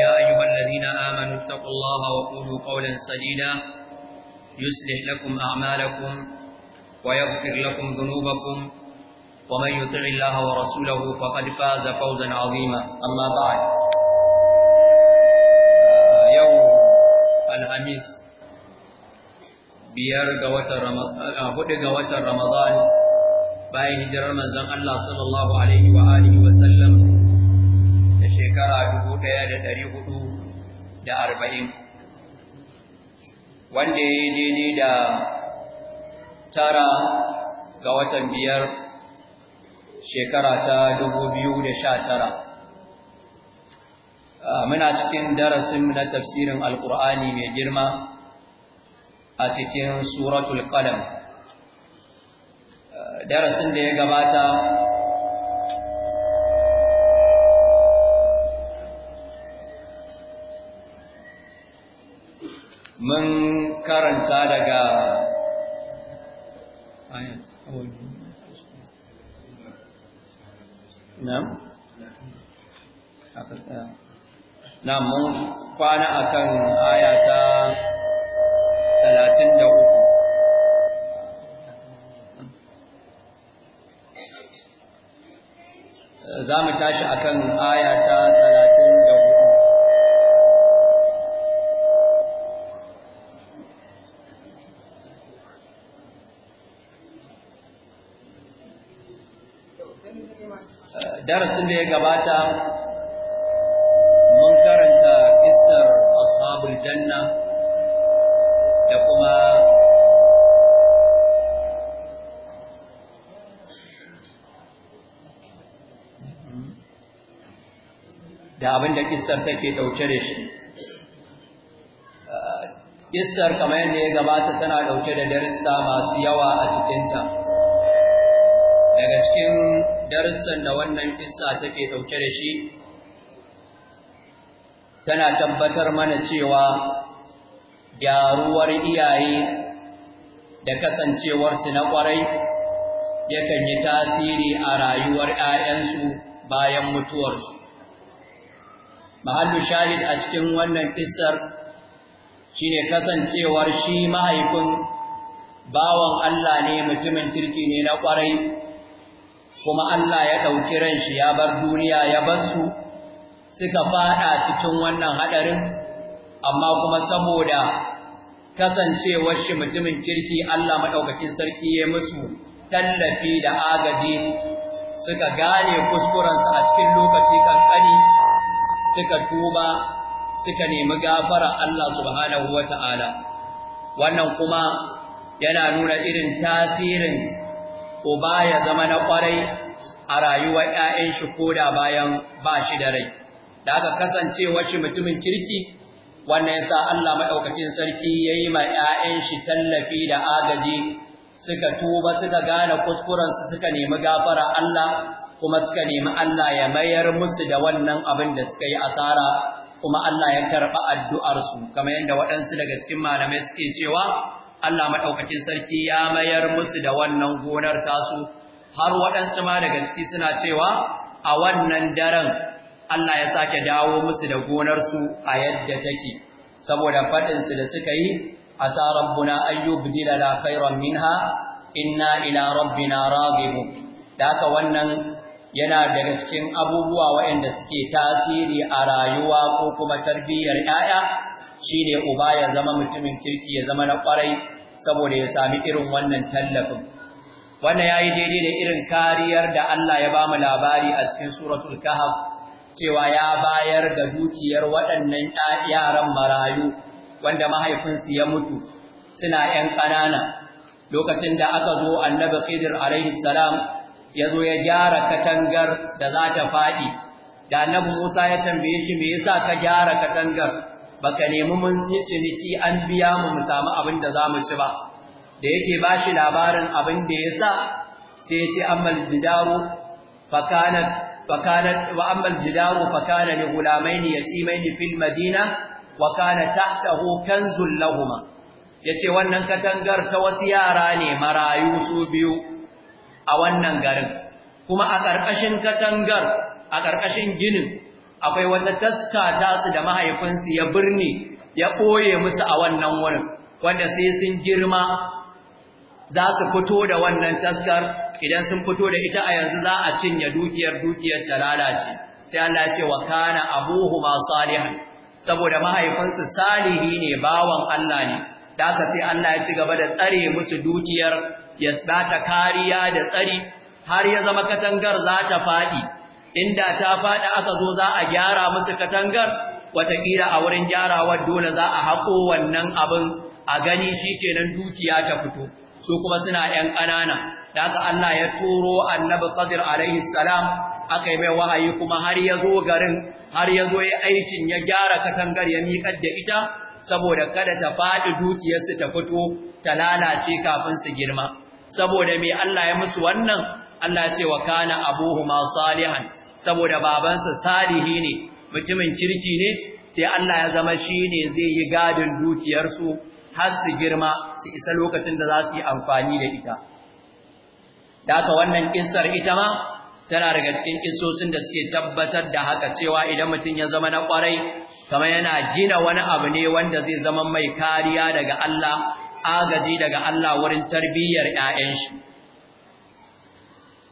يا أيها الذين آمنوا اتقوا الله وقولوا قولا سديدا يصلح لكم أعمالكم ويغفر لكم ذنوبكم ومن يطع الله ورسوله فقد فاز فوزا عظيما أما بعد يوم الخميس biyar آه، رمضان watan Ramadan رمضان الله صلى الله عليه وآله وسلم shekara dubu ɗaya da ɗari hudu da arba'in wanda ya yi daidai da tara ga watan biyar shekara ta dubu biyu da sha tara muna cikin darasin na tafsirin alkur'ani mai girma a cikin suratul qalam darasin da ya gabata mun karanta daga Na'am? Na mun kwana akan aya ta 33. Za mu tashi akan aya ta 33. darasin da ya gabata mun karanta kissar ashabul janna da kuma da abin da kissar take dauke da shi kissar kamar yadda ya gabata tana dauke da darussa masu yawa a cikinta daga cikin darussan da wannan kissa take dauke da shi tana tabbatar mana cewa gyaruwar iyaye da kasancewarsu na kwarai yakan yi tasiri a rayuwar 'ya'yansu bayan mutuwarsu mahallu shahid a cikin wannan kissar shine kasancewar shi mahaifin bawan Allah ne mutumin kirki ne na kwarai kuma Allah ya ɗauki ran shi ya bar duniya ya bar su suka faɗa cikin wannan haɗarin amma kuma saboda kasancewar shi mutumin kirki Allah maɗaukakin sarki ya musu tallafi da agaji suka gane kuskurensu a cikin lokaci kankani suka tuba suka nemi gafara Allah subhanahu Ta'ala, wannan kuma yana nuna irin tasirin uba ya zama na kwarai a rayuwar ‘ya'yan shi da bayan ba shi da rai, da aka kasance shi mutumin kirki, wannan yasa Allah maɗaukacin sarki ya yi ma ‘ya'yan shi tallafi da agaji suka tuba suka gane kuskurensu suka nemi gafara Allah kuma suka nemi Allah ya mayar musu da wannan abin da suka yi asara kuma Allah ya karɓi addu'arsu kamar yadda waɗansu daga cikin malamai suke cewa Allah maɗaukacin sarki ya mayar musu da wannan gonar tasu har waɗansu ma daga ciki suna cewa a wannan daren Allah ya sake dawo musu da gonar su a yadda take saboda su da suka yi asa rabbuna ayyub yubdila la khairan minha inna ila rabbina raghibun da haka wannan yana daga cikin abubuwa waɗanda suke tasiri a rayuwa ko kuma tarbiyyar 'ya'ya shine uba ya zama mutumin kirki ya zama na ƙwarai saboda ya sami irin wannan tallafin wannan yayi daidai da irin kariyar da Allah ya bamu labari a cikin suratul kahf cewa ya bayar da dukiyar waɗannan yaran marayu wanda mahaifinsu ya mutu suna 'yan ƙanana lokacin da aka zo annabi khidir alaihi salam ya zo ya gyara katangar da za ta faɗi da annabi Musa ya tambaye shi me yasa ka gyara katangar baka nemi mun yi ciniki an biya mu mu samu abin da za mu ci ba da yake ba shi labarin abin da ya sa sai ya ce ammal jidaru fakanat fakanat wa ammal jidaru fakana li gulamaini yatimaini fil madina wa kana tahtahu kanzul lahuma yace wannan katangar ta wasu yara ne marayu su biyu a wannan garin kuma a ƙarƙashin katangar a ƙarƙashin ginin akwai wata taska su da mahaifinsu ya birni ya ɓoye musu a wannan wurin wanda sai sun girma za su fito da wannan taskar idan sun fito da ita a yanzu za a cinye dukiyar dukiyar ta lalace sai Allah ya ce wa kana ma salihan saboda mahaifinsu salihi ne bawan Allah ne da haka sai Allah ya ci gaba da tsare musu dukiyar ya bata kariya da tsari har ya zama katangar za ta faɗi inda ta faɗi aka zo za a gyara musu katangar wataƙila a wurin gyarawar dole za a haƙo wannan abin a gani shikenan dukiya ta fito su kuma suna ‘yan ƙanana da aka Allah ya turo annabi sadir alaihi salam aka yi mai wahayi kuma har ya zo garin har ya ya aikin ya gyara katangar ya miƙar da ita saboda kada ta faɗi dukiyarsu ta fito ta lalace kafin su girma saboda mai Allah ya musu wannan Allah ya ce wa kana abuhuma salihan saboda babansa salihi ne mutumin kirki ne sai Allah ya zama shi ne zai yi gadin dukiyarsu har su girma su isa lokacin da za su yi amfani da ita da haka wannan kissar ita ma tana daga cikin kissosin da suke tabbatar da haka cewa idan mutum ya zama na kwarai kamar yana gina wani abu ne wanda zai zama mai kariya daga Allah agaji daga Allah wurin tarbiyyar 'ya'yan shi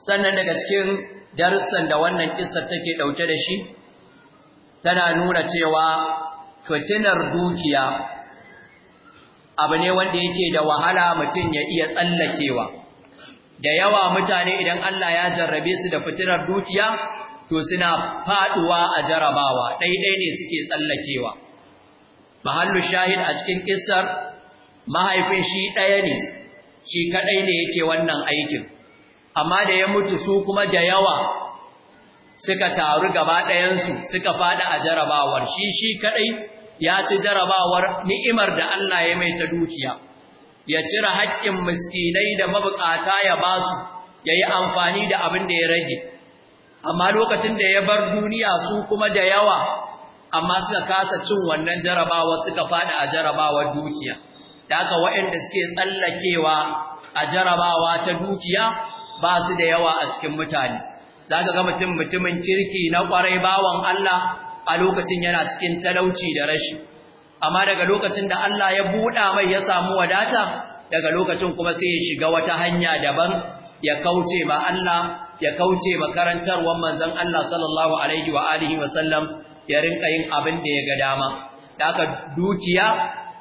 sannan daga cikin darussan da wannan kissar take dauke da shi tana nuna cewa fitinar dukiya abu ne wanda yake da wahala mutum ya iya tsallakewa da yawa mutane idan Allah ya jarrabe su da fitinar dukiya to suna faduwa a jarabawa daidai ne suke tsallakewa mahallu shahid a cikin kissar mahaifin shi daya ne shi kadai ne yake wannan aikin amma da ya mutu su kuma da yawa suka taru gaba ɗayansu suka faɗi a jarabawar shi shi kaɗai ya ci jarabawar ni'imar da Allah ya mai ta dukiya ya cire haƙƙin miskinai da mabukata ya ba su, ya yi amfani da abin da ya rage amma lokacin da ya bar duniya su kuma da yawa amma suka kasa cin wannan jarabawa suka faɗi a jarabawar dukiya da haka waɗanda suke tsallakewa a jarabawa ta dukiya ba su da yawa a cikin mutane Za ka ga mutum mutumin kirki na kwarai bawan Allah a lokacin yana cikin talauci da rashi amma daga lokacin da Allah ya buɗa mai ya samu wadata daga lokacin kuma sai ya shiga wata hanya daban ya kauce ma Allah ya kauce ma karantarwar manzon Allah sallallahu alaihi wa alihi wa sallam ya rinka yin abin da ya ga dama daga dukiya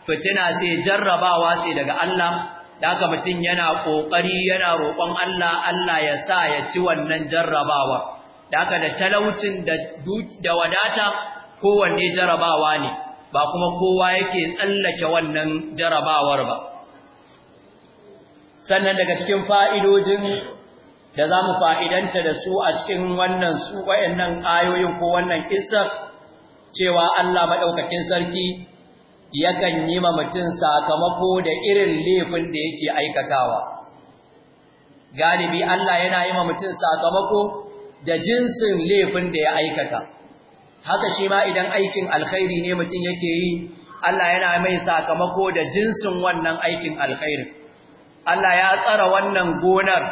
fitina sai jarrabawa ce daga Allah da haka mutum yana ƙoƙari yana roƙon Allah Allah ya sa ya ci wannan jarrabawa da haka da talaucin da wadata kowanne jarrabawa ne ba kuma kowa yake tsallake wannan jarrabawar ba sannan daga cikin fa'idojin da za mu fa'idanta da su a cikin wannan su nan ayoyin ko wannan ƙisar cewa Allah maɗaukakin sarki yakan yi ma mutum sakamako da irin laifin da yake aikatawa galibi Allah yana yi ma mutum sakamako da jinsin laifin da ya aikata haka shi ma idan aikin alkhairi ne mutum yake yi Allah yana mai sakamako da jinsin wannan aikin alkhairi Allah ya tsara wannan gonar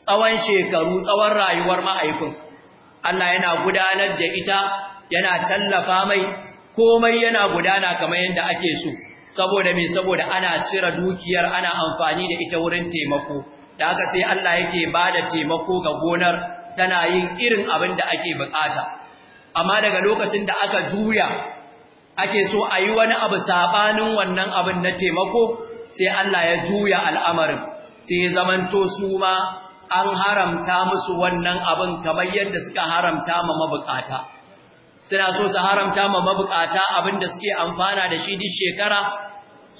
tsawon shekaru tsawon rayuwar ma'aikun Allah yana gudanar da ita yana tallafa mai komai yana gudana kamar yadda ake so saboda me saboda ana cire dukiyar ana amfani da ita wurin taimako da haka sai Allah yake bada taimako ga gonar tana yin irin abin da ake bukata amma daga lokacin da aka juya ake so a yi wani abu sabanin wannan abin na taimako sai Allah ya juya al'amarin sai ya zamanto su ma an haramta musu wannan abin kamar yadda suka haramta ma mabukata suna so su haramta ma mabukata abinda suke amfana da shi duk shekara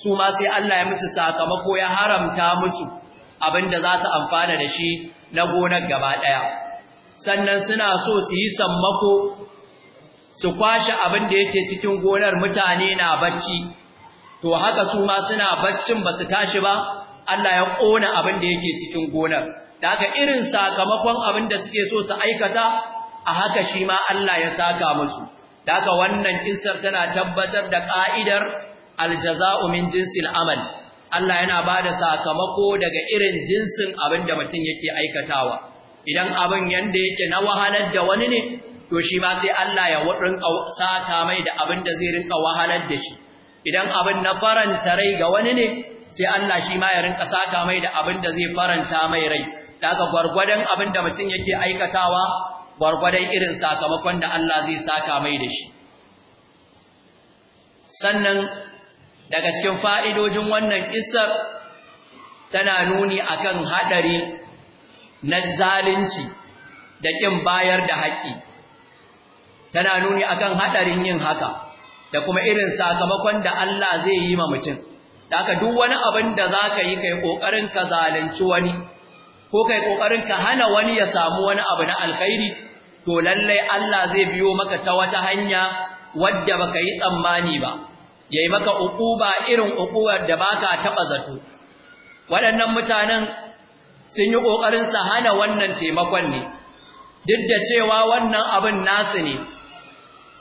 su ma sai Allah ya musu sakamako ya haramta musu abinda za su amfana da shi na gonar gaba daya sannan suna so su yi sammako su kwashe abinda yake cikin gonar mutane na bacci to haka su ma suna baccin ba su tashi ba Allah ya kona abinda yake cikin gonar da haka irin sakamakon abinda suke so su aikata a haka shi ma Allah ya saka musu daga wannan kissar tana tabbatar da ka'idar aljaza'u min jinsil amal Allah yana bada sakamako daga irin jinsin abin da mutum yake aikatawa idan abin yanda yake na wahalar da wani ne to shi ma sai Allah ya rinka saka mai da abin da zai rinka wahalar da shi idan abin na faranta rai ga wani ne sai Allah shi ma ya rinka saka mai da abin da zai faranta mai rai daga gwargwadon abin da mutum yake aikatawa gwargwadon irin sakamakon da Allah zai saka mai da shi sannan daga cikin fa'idojin wannan isar tana nuni a kan haɗari na zalunci da ƙin bayar da haƙƙi tana nuni a kan haɗarin yin haka da kuma irin sakamakon da Allah zai yi ma mutum da aka duk wani abin da za ka yi kai ƙoƙarin ka zalunci wani ko kai ƙoƙarin ka hana wani ya samu wani abu na alkhairi to lallai Allah zai biyo maka ta wata hanya wadda baka yi tsammani ba yayi maka ukuba irin ukuwar da baka taba zato waɗannan mutanen sun yi kokarin sa hana wannan taimakon ne duk da cewa wannan abin nasu ne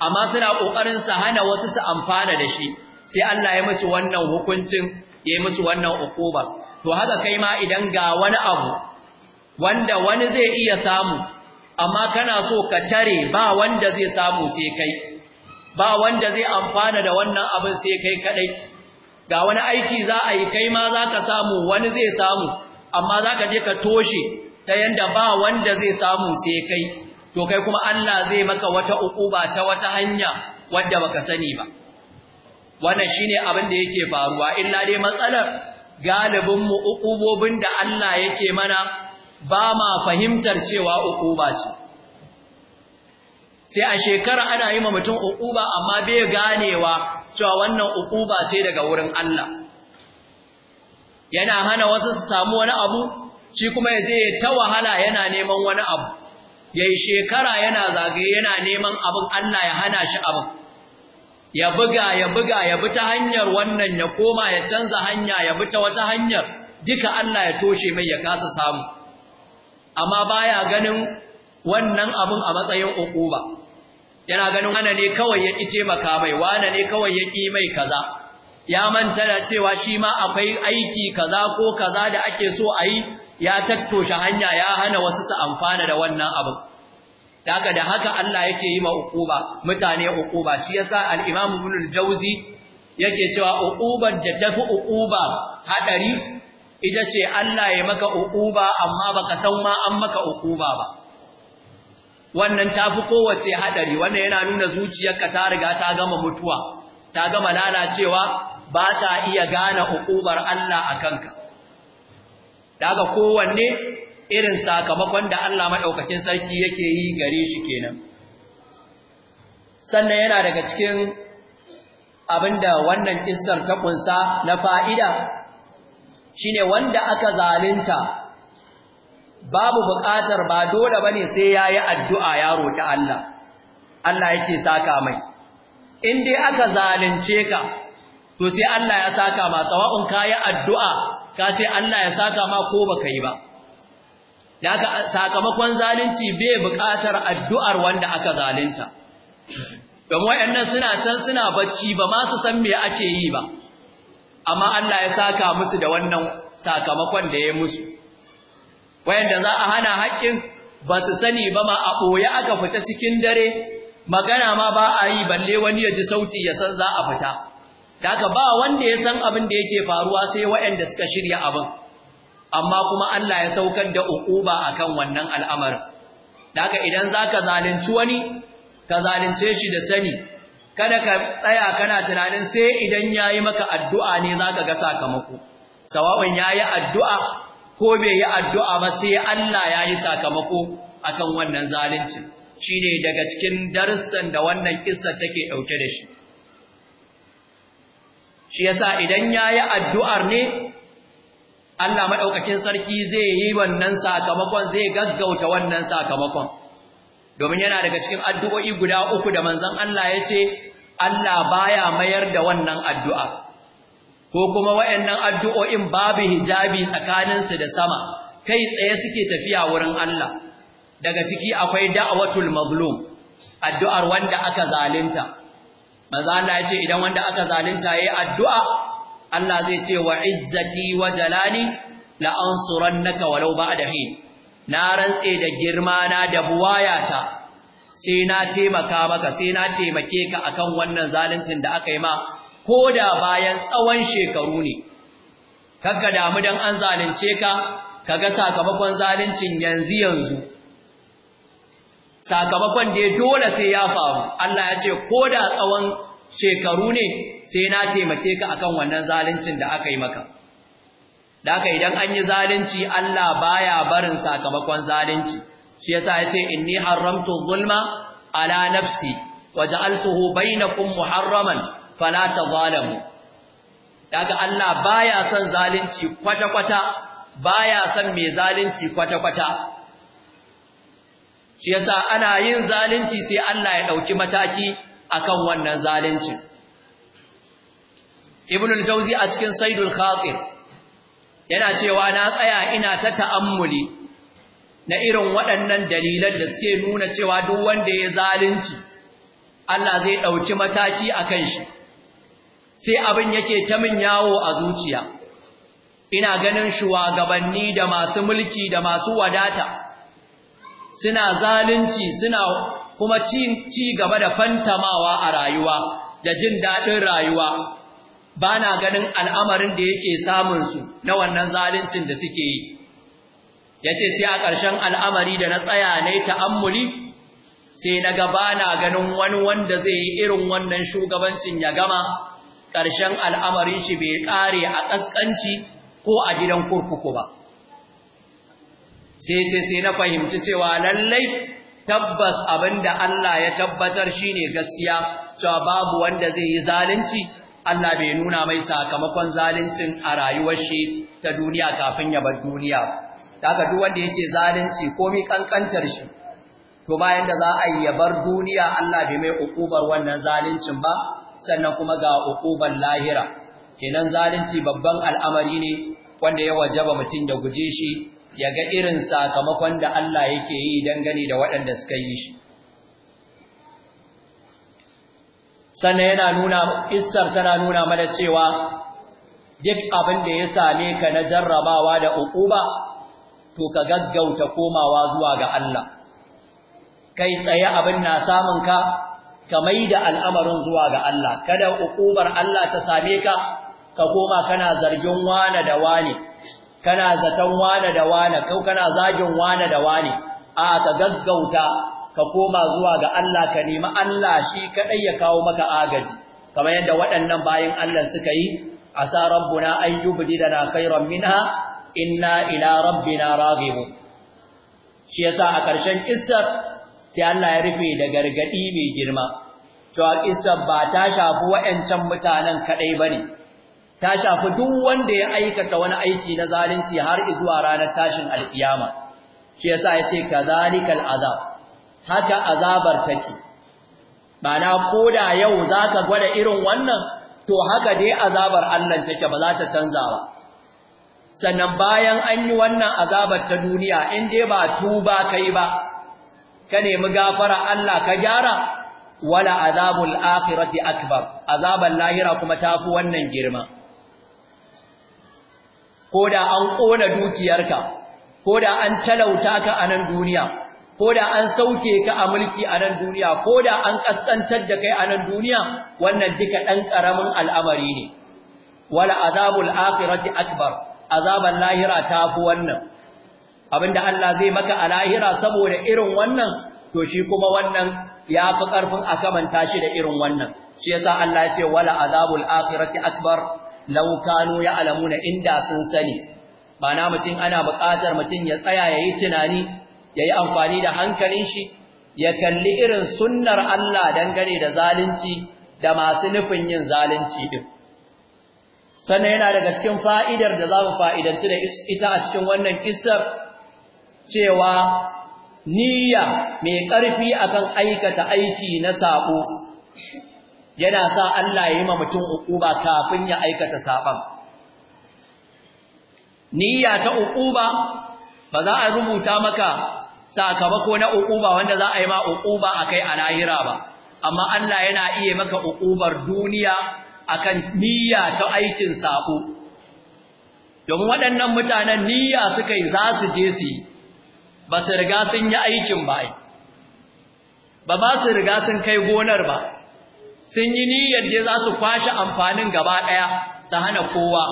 amma suna kokarin sa hana wasu su amfana da shi sai Allah ya musu wannan hukuncin ya yi musu wannan ukuba to haka kai ma idan ga wani abu wanda wani zai iya samu amma kana so ka tare ba wanda zai samu sai kai ba wanda zai amfana da wannan abin sai kai kadai ga wani aiki za a yi kai ma za ka samu wani zai samu amma za ka je ka toshe ta yanda ba wanda zai samu sai kai to kai kuma Allah zai maka wata ukuba ta wata hanya wanda baka sani ba wannan shine abin da yake faruwa illa dai matsalar galibin mu ukubobin da Allah yake mana ba ma fahimtar cewa ukuba ce sai a shekara ana yi ma mutum ukuba amma bai ganewa cewa wannan ukuba ce daga wurin Allah yana hana wasu su samu wani abu shi kuma ya je ta wahala yana neman wani abu yayi shekara yana zagaye yana neman abin Allah ya hana shi abin ya buga ya buga ya bi ta hanyar wannan ya koma ya canza hanya ya bi ta wata hanyar duka Allah ya toshe mai ya kasa samu amma baya ganin wannan abun a matsayin uquba yana ganin ana ne kawai ya ki taimaka mai wane ne kawai ya ki mai kaza ya manta da cewa shi ma akwai aiki kaza ko kaza da ake so a yi ya tattoshe hanya ya hana wasu su amfana da wannan abin daga da haka Allah yake yi ma uquba mutane uquba shi yasa al-Imam Ibn al-Jawzi yake cewa uquban da tafi uquba hadari ita ce Allah ya maka uquba amma baka san ma an maka uquba ba wannan tafi kowace hadari wannan yana nuna zuciyarka ta riga ta gama mutuwa ta gama lalacewa ba ta iya gane uqubar Allah akanka daga kowanne irin sakamakon da Allah madaukakin sarki yake yi gare shi kenan sannan yana daga cikin abinda wannan kissar ta kunsa na fa'ida shine wanda aka zalunta babu buƙatar ba dole bane sai yayi addu'a yaro ta Allah Allah yake saka mai in dai aka zalunce ka to sai Allah ya saka ma sawa'un kayi addu'a ka ce Allah ya saka ma ko baka yi ba daga sakamakon zalunci bai buƙatar addu'ar wanda aka zalunta domin wayannan suna can suna bacci ba ma su san me ake yi ba amma Allah ya saka musu da wannan sakamakon da ya musu wayanda za a hana haƙƙin ba su sani ba ma a ɓoye aka fita cikin dare magana ma ba a yi balle wani ya ji sauti ya san za a fita daga ba wanda ya san abin da yake faruwa sai wayanda suka shirya abin amma kuma Allah ya saukar da uquba akan wannan al'amarin daga idan zaka zalunci wani ka zalunce shi da sani kada ka tsaya kana tunanin sai idan yayi maka addu'a ne zaka ga sakamako sawa'un yayi addu'a ko bai yi addu'a ba sai Allah yayi sakamako akan wannan zalunci shine daga cikin darussan da wannan kissa take ɗauke da shi shi yasa idan yayi addu'ar ne Allah madaukakin sarki zai yi wannan sakamakon zai gaggauta wannan sakamakon domin yana daga cikin addu'o'i guda uku da manzon Allah ya ce Allah baya mayar da wannan addu'a ko kuma wayannan addu'o'in babu hijabi tsakaninsu da sama kai tsaye suke tafiya wurin Allah daga ciki akwai da'watul mazlum addu'ar wanda aka zalunta maza Allah ya ce idan wanda aka zalunta yayi addu'a Allah zai ce wa izzati wa jalali la ansurannaka walau ba'da hin na rantse da girma na da buwayata sai na taimaka maka sai na taimake ka akan wannan zaluncin da aka yi ma ko da bayan tsawon shekaru ne kakka damu dan an zalunce ka kaga sakamakon zaluncin yanzu yanzu sakamakon da dole sai ya faru Allah ya ce ko da tsawon shekaru ne sai na taimake ka akan wannan zaluncin da aka yi maka da haka idan an yi zalunci Allah baya barin sakamakon zalunci shi yasa yace inni haramtu zulma ala nafsi waja'altuhu bainakum muharraman fala tadhalamu daga Allah baya son zalunci kwata kwata baya son me zalunci kwata kwata shi yasa ana yin zalunci sai Allah ya dauki mataki akan wannan zalunci. ibnul al-Jawzi a cikin Saidul khatib yana cewa na tsaya ina ta ta'ammuli na irin waɗannan dalilan da suke nuna cewa duk wanda ya zalunci Allah zai ɗauki mataki a kan shi sai abin yake ta min yawo a zuciya ina ganin shugabanni da masu mulki da masu wadata suna zalunci suna kuma ci gaba da fantamawa a rayuwa da jin daɗin rayuwa ba na ganin al'amarin da yake samunsu na wannan zaluncin da suke yi Ya ce sai a ƙarshen al'amari da na tsaya ne ta'ammuli sai na gaba na ganin wani wanda zai yi irin wannan shugabancin ya gama ƙarshen al'amarin shi bai ƙare a ƙasƙanci ko a gidan kurkuku ba sai sai sai na fahimci cewa lallai tabbas abin da Allah ya tabbatar shi ne gaskiya cewa babu wanda zai yi zalunci Allah bai nuna mai sakamakon zaluncin a rayuwar shi ta duniya kafin ya bar duniya daga duk wanda yake zalunci komai kankantar shi to bayan da za a yi bar duniya Allah bai mai ukubar wannan zaluncin ba sannan kuma ga ukubar lahira kenan zalunci babban al'amari ne wanda ya wajaba mutum da guje shi ya ga irin sakamakon da Allah yake yi gani da waɗanda suka yi shi sannan yana nuna issar tana nuna mana cewa duk abin da ya same ka na jarrabawa da ukuba to ka gaggauta komawa zuwa ga Allah kai tsaye abin na samun ka ka maida al'amarin zuwa ga Allah kada hukumar Allah ta same ka ka koma kana zargin wane da wane kana zaton wane da wane ko kana zagin wane da wane a ka gaggauta ka koma zuwa ga Allah ka nemi Allah shi kadai ya kawo maka agaji kamar yadda waɗannan bayin Allah suka yi asa rabbuna an yubdilana khairan minha inna ila rabbina raghibun shi yasa a ƙarshen kissar sai Allah ya rufe da gargadi mai girma cewa kissar ba ta shafi wayancan mutanen kadai bane ta shafi duk wanda ya aikata wani aiki na zalunci har zuwa ranar tashin alkiyama shi yasa yace kazalikal azab haka azabar take bana koda yau zaka gwada irin wannan to haka dai azabar Allah take ba za ta canza ba sannan bayan an yi wannan azabar ta duniya in dai ba tuba kai ba ka nemi gafara Allah ka gyara wala azabul akhirati akbar azabar lahira kuma tafi wannan girma koda an ƙona dukiyarka koda an talauta ka a nan duniya koda an sauke ka a mulki a nan duniya da an kaskantar da kai a nan duniya wannan duka ɗan ƙaramin al'amari ne wala azabul akhirati akbar azaban lahira ta fi wannan abinda Allah zai maka a lahira saboda irin wannan to shi kuma wannan ya fi ƙarfin a kamanta shi da irin wannan shi yasa Allah ya ce wala azabul akhirati akbar law kanu ya'lamuna inda sun sani bana mutum ana buƙatar mutum ya tsaya ya yi tunani ya yi amfani da hankalin shi ya kalli irin sunnar Allah dangane da zalunci da masu nufin yin zalunci ɗin sannan yana daga cikin fa'idar da za mu fa'idanci da ita a cikin wannan kisar cewa niyya mai ƙarfi akan aikata aiki na saƙo, yana sa Allah ya yi ma mutum uƙuba kafin ya aikata saƙon. Niyya ta uƙuba ba za a rubuta maka sakamako na uƙuba wanda za a yi ma a kai a lahira ba, amma Allah yana iya maka uƙubar duniya akan niyya ta aikin sako Don waɗannan mutanen niyya suka yi za su je su yi ba su riga sun yi aikin ba ba ba su riga sun kai gonar ba sun yi niyyar da za su kwashe amfanin gaba ɗaya su hana kowa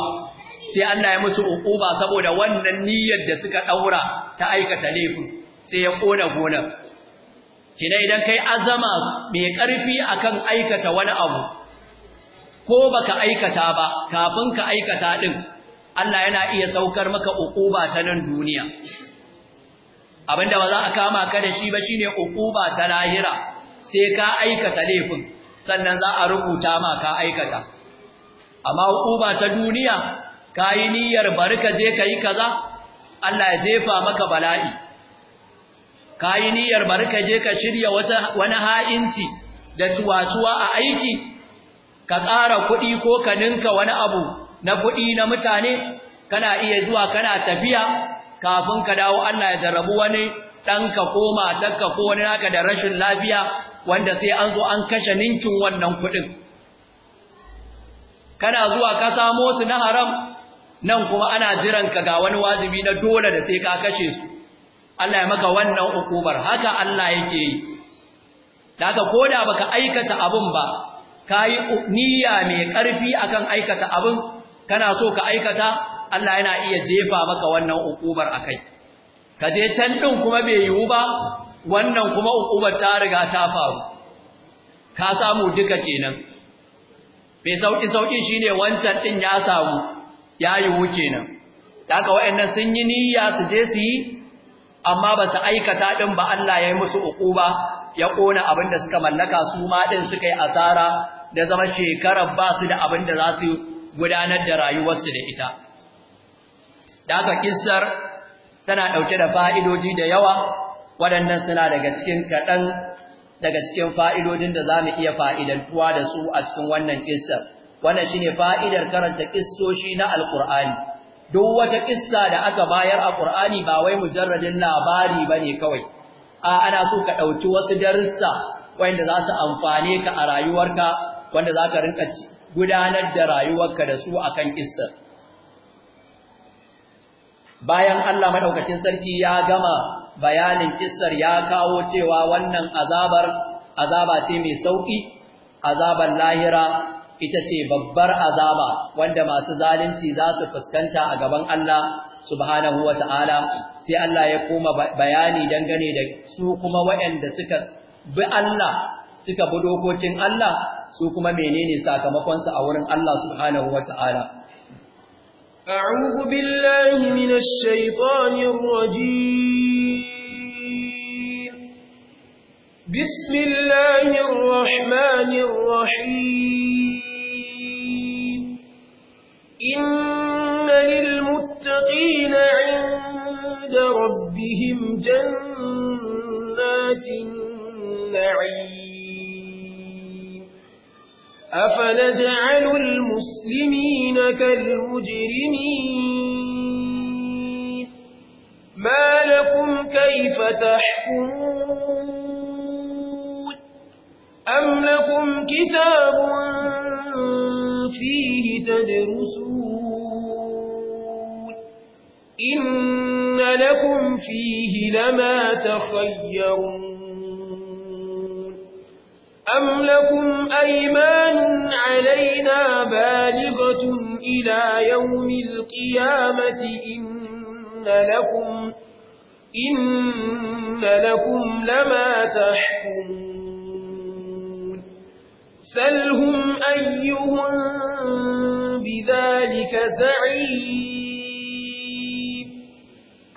sai Allah ya musu uquba saboda wannan niyyar da suka ɗaura ta aikata laifin sai ya ƙona gonar kina idan kai azama mai ƙarfi akan aikata wani abu ko baka aikata ba kafin ka aikata din Allah yana iya saukar maka ukuba ta nan duniya abinda ba za a kama ka da shi ba shine ukuba ta lahira sai ka aikata laifin sannan za a rubuta ma ka aikata amma ukuba ta duniya kayi niyyar bari ka je kai kaza Allah ya jefa maka bala'i kayi niyyar bari ka je ka shirya wani ha'inci da tuwatuwa a aiki ka tsara kuɗi ko ka ninka wani abu na kuɗi na mutane kana iya zuwa kana tafiya kafin ka dawo Allah ya jarrabu wani ɗanka ko matarka ko wani naka da rashin lafiya wanda sai an zo an kashe ninkin wannan kuɗin kana zuwa ka samo su na haram nan kuma ana jiran ka ga wani wajibi na dole da sai ka kashe su Allah ya maka wannan hukumar haka Allah yake yi Da daga koda baka aikata abun ba kayi niyya mai ƙarfi akan aikata abin kana so ka aikata Allah yana iya jefa maka wannan hukumar akai ka je can din kuma bai yiwu ba wannan kuma hukumar ta riga ta faru ka samu duka kenan mai sauki sauki shine wancan din ya samu ya yiwu kenan daga wayannan sun yi niyya su je su yi amma ba su aikata din ba Allah ya yi musu hukuma ya kona abin da suka mallaka su ma din suka yi asara da zama shekarar ba su da abin da za su gudanar da rayuwarsu da ita da aka kisar tana ɗauke da fa'idoji da yawa waɗannan suna daga cikin kaɗan daga cikin fa'idodin da za mu iya fa'idantuwa da su a cikin wannan kisar wannan shi ne fa'idar karanta kistoshi na Alƙur'ani. duk wata kista da aka bayar a ƙur'ani ba wai mujarradin labari ba ne kawai a ana so ka ɗauki wasu darussa wanda za su amfane ka a rayuwarka wanda za ka rinka gudanar da rayuwarka da su a kan kisar? bayan Allah maɗaukacin sarki ya gama bayanin kisar ya kawo cewa wannan azabar azaba ce mai sauƙi, azabar lahira ita ce babbar azaba wanda masu zalunci za su fuskanta a gaban Allah subhanahu ta'ala sai Allah ya koma bayani dangane da su kuma waɗanda suka bi Allah suka bi dokokin Allah su kuma menene sakamakonsa a wurin Allah subhanahu wata'ala. A'udhu billahi minash shaitanir rajim. Bismillahir rahmanir rahim. Inna lil muttaqina 'inda rabbihim jannatin na'im. أفنجعل المسلمين كالمجرمين ما لكم كيف تحكمون أم لكم كتاب فيه تدرسون إن لكم فيه لما تخيرون أم لكم أيمان علينا بالغة إلى يوم القيامة إن لكم إن لكم لما تحكمون سلهم أيهم بذلك زعيم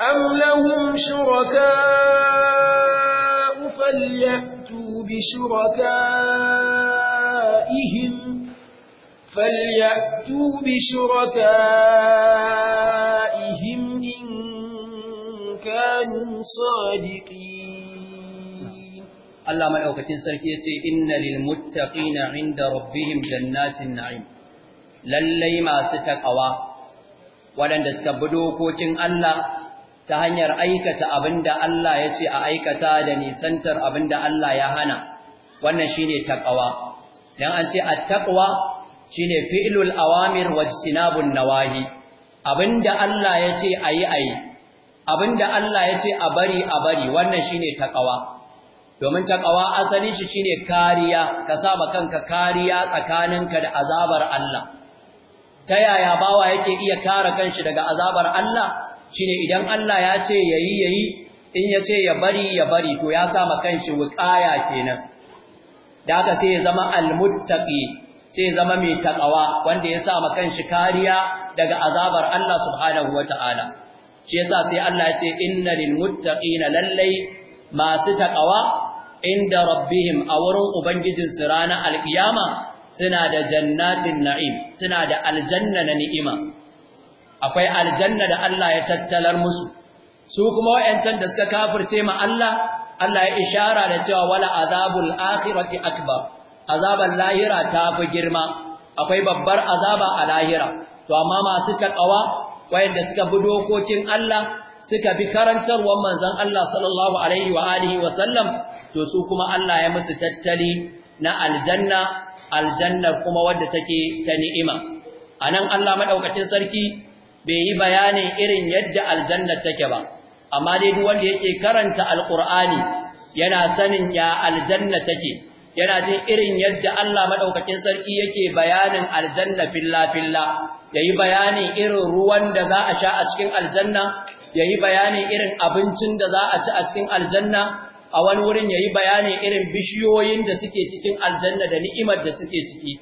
أم لهم شركاء فَلْيَأْتُوا بشركائهم فليأتوا بشركائهم إن كانوا صادقين الله من أوكتين سركيتي إن للمتقين عند ربهم جنات النعيم للي ما ستقوا ولن تسكبدوا كوتين الله ta hanyar aikata abin da Allah ya ce a aikata da nisantar abin da Allah ya hana wannan shi ne taƙawa Don an ce at shi ne fi'lul awamir sinabun nawahi abin da Allah ya ce a a yi yi, abin da Allah ya ce a bari a bari wannan shi ne taƙawa domin taƙawa asalin shi shi ne kariya ka saba kanka kariya tsakaninka da azabar Allah ta yaya bawa yake iya kare kanshi daga azabar Allah shine idan Allah ya ce yayi yayi in ya ce ya bari ya bari to ya sa makan shi wiqaya kenan da haka sai ya zama almuttaqi sai ya zama mai takawa wanda ya sa makan shi kariya daga azabar Allah subhanahu wataala shi yasa sai Allah ya ce innal na lallai masu takawa inda rabbihim a wurin ubangijinsu ranar alkiyama suna da jannatin na'im suna da aljanna na ni'ima akwai aljanna da Allah ya tattalar musu su kuma wayancan da suka kafirce ma Allah Allah ya ishara da cewa wala azabul akhirati akbar azaban lahira ta fi girma akwai babbar azaba a lahira to amma masu takawa wayanda suka bi dokokin Allah suka bi karantarwar manzon Allah sallallahu alaihi wa alihi wa sallam to su kuma Allah ya musu tattali na aljanna aljanna kuma wadda take ta ni'ima anan Allah madaukakin sarki bai yi bayani irin yadda aljanna take ba amma dai duk wanda yake karanta alqur'ani yana sanin ya aljanna take yana jin irin yadda Allah madaukakin sarki yake bayanin aljanna filla filla yayi bayani irin ruwan da za a sha a cikin aljanna yayi bayani irin abincin da za a ci a cikin aljanna a wani wurin yayi bayani irin bishiyoyin da suke cikin aljanna da ni'imar da suke ciki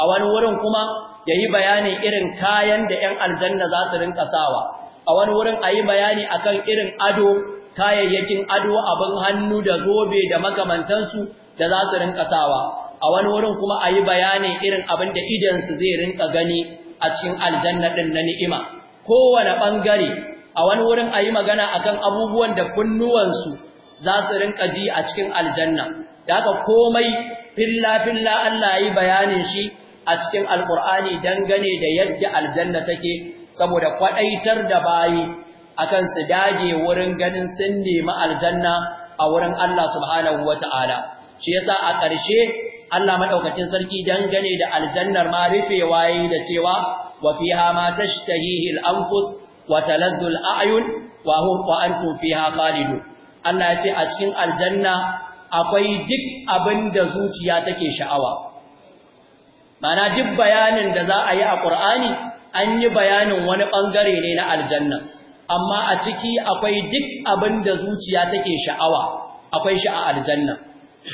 a wani wurin kuma Ya yi bayani irin kayan da 'yan aljanna za su rinka sawa a wani wurin ayi bayani a kan irin ado kayayyakin ado abin hannu da zobe da makamantansu da za su rinka sawa a wani wurin kuma a yi bayani irin abin da idansu zai rinka gani a cikin aljanna ɗin na ni'ima kowane ɓangare, a wani wurin yi magana a kan abubuwan da kunnuwansu za su rinka ji a cikin aljanna da haka komai filla filla Allah ya yi bayanin shi a cikin Alƙur'ani, dangane da yadda aljanna take saboda kwadaitar da bayi akan su dage wurin ganin sun nemi aljanna a wurin Allah subhanahu ta'ala. shi yasa a ƙarshe Allah madaukakin sarki dangane da aljannar ma rufe waye da cewa wa fiha ma tashtahihi al-anfus wa taladdu al-a'yun wa hum wa fiha ƙal'idu." Allah ya ce a cikin aljanna akwai duk abinda zuciya take sha'awa mana duk bayanin da za a yi a ƙur'ani an yi bayanin wani ɓangare ne na aljanna amma a ciki akwai duk abin da zuciya take sha'awa akwai shi a aljanna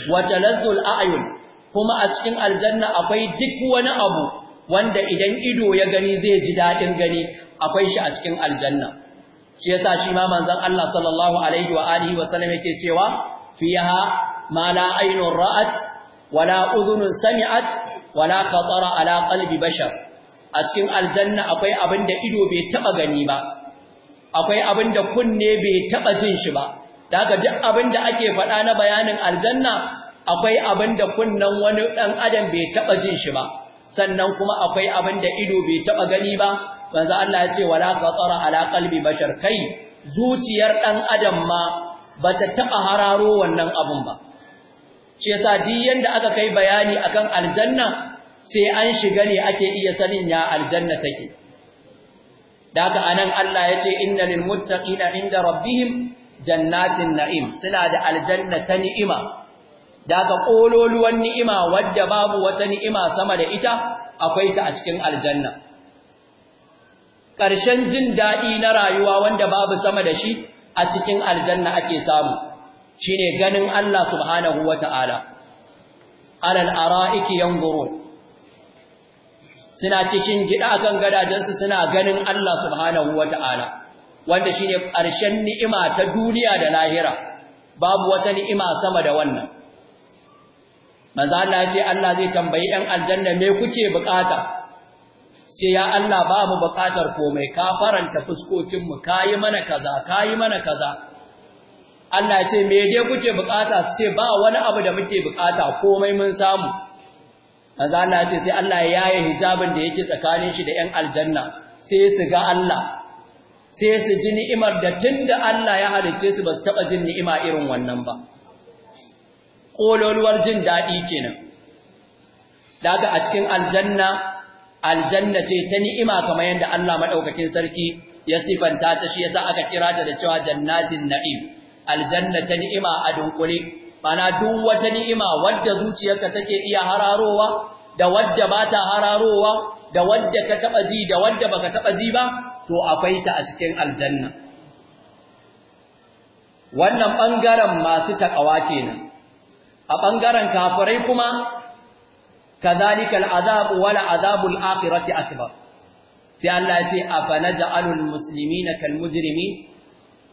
Wace lazzul a'yun kuma a cikin aljanna akwai duk wani abu wanda idan ido ya gani zai ji daɗin gani akwai shi a cikin aljanna shi yasa shi ma manzon Allah sallallahu alaihi wa alihi wa sallam yake cewa fiha ma la aynur ra'at wala udhunun sami'at wala khatara ala qalbi bashar a cikin aljanna akwai abin da ido bai taba gani ba akwai abin da kunne bai taba jin shi ba daga duk abin da ake faɗa na bayanin aljanna akwai abin da kunnen wani dan adam bai taba jin shi ba sannan kuma akwai abin da ido bai taba gani ba manzo Allah ya ce wala khatara ala qalbi bashar kai zuciyar dan adam ma bata taba hararo wannan abun ba shi yasa duk yanda aka kai bayani akan aljanna sai an shiga ne ake iya sanin ya aljanna take da haka anan Allah ya ce inna lil muttaqina inda rabbihim jannatin na'im suna da aljanna ta ni'ima da haka kololuwan ni'ima wadda babu wata ni'ima sama da ita akwai ta a cikin aljanna ƙarshen jin daɗi na rayuwa wanda babu sama da shi a cikin aljanna ake samu shine ganin Allah subhanahu wata'ala alal ara'iki yanzuru suna cikin gida kan gadajensu suna ganin Allah subhanahu wata'ala wanda shine ƙarshen ni'ima ta duniya da lahira babu wata ni'ima sama da wannan manzo Allah ya ce Allah zai tambayi ɗan aljanna me kuke bukata sai ya Allah babu mu bukatar komai ka faranta fuskokinmu ka yi mana kaza kayi mana kaza Allah ya ce me dai kuke bukata su ce ba wani abu da muke bukata komai mun samu manzo Allah ya ce sai Allah ya yaye hijabin da yake tsakanin shi da 'yan aljanna sai su ga Allah sai su ji ni'imar da tunda Allah ya halice su ba su taba jin ni'ima irin wannan ba kololuwar jin daɗi kenan daga a cikin aljanna aljanna ce ta ni'ima kamar yadda Allah madaukakin sarki ya sifanta ta shi yasa aka kira ta da cewa jannatin na'im aljanna ta ni'ima a dunkule bana duk wata ni'ima wadda zuciyarka take iya hararowa da wadda bata hararowa da wadda ka taba ji da wadda baka taba ji ba to akwai ta a cikin aljanna wannan bangaren masu takawa kenan a bangaren kafirai kuma kadhalika al'azab wala azabul akhirati akbar sai Allah ya ce afanaj'alul muslimina kal mujrimin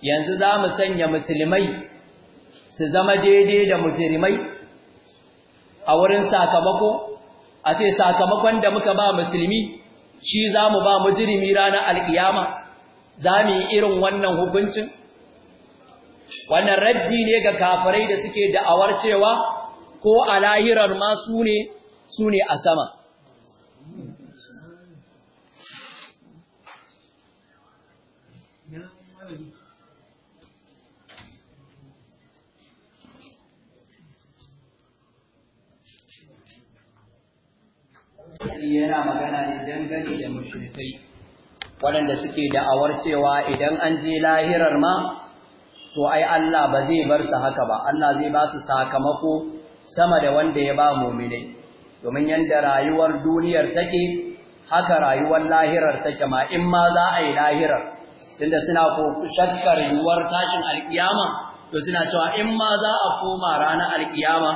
yanzu za mu sanya musulmai su zama daidai da mujrimai a wurin sakamako a ce sakamakon da muka ba musulmi shi za mu ba mujrimi ranar alkiyama za mu yi irin wannan hukuncin wannan raddi ne ga kafirai da suke da'awar cewa ko a lahirar ma sune su ne a sama sarki yana magana ne gani da mushrikai waɗanda suke da'awar cewa idan an je lahirar ma to ai Allah ba zai bar su haka ba Allah zai ba su sakamako sama da wanda ya ba mu'minai domin yanda rayuwar duniyar take haka rayuwar lahirar take ma in ma za a yi lahirar tunda suna ko shakkar yuwar tashin alkiyama to suna cewa in ma za a koma ranar alkiyama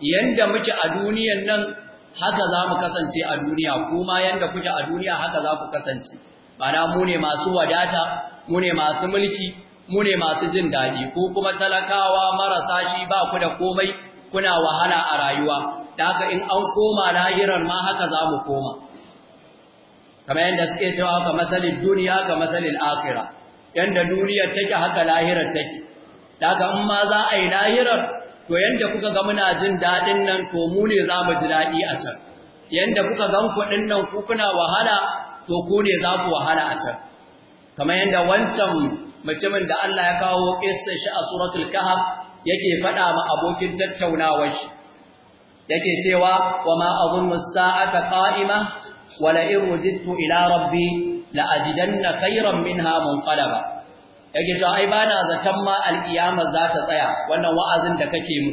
yanda muke a duniyar nan haka za mu kasance a duniya kuma yanda kuke a duniya haka za ku kasance bana mu ne masu wadata mu ne masu mulki mu ne masu jin daɗi ko kuma talakawa marasa shi ba ku da komai kuna wahala a rayuwa da haka in an koma lahirar ma haka za mu koma kamar yadda suke cewa ka masalin duniya ka masalin akira yanda duniyar take haka lahirar take da haka in ma za a yi lahirar to yanda kuka ga muna jin daɗin nan to mu ne za mu ji daɗi a can yanda kuka gan kuɗin nan ku kuna wahala to ku ne za ku wahala a can kamar yanda wancan mutumin da Allah ya kawo kissa shi a suratul kahf yake faɗa ma abokin tattaunawar shi yake cewa wa ma azunnu sa'ata qa'ima wa la in rujidtu ila rabbi la ajidanna khayran minha munqalaba yake to ai bana zatan ma alkiyama za ta tsaya wannan wa'azin da kake mu